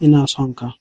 Ina son ka.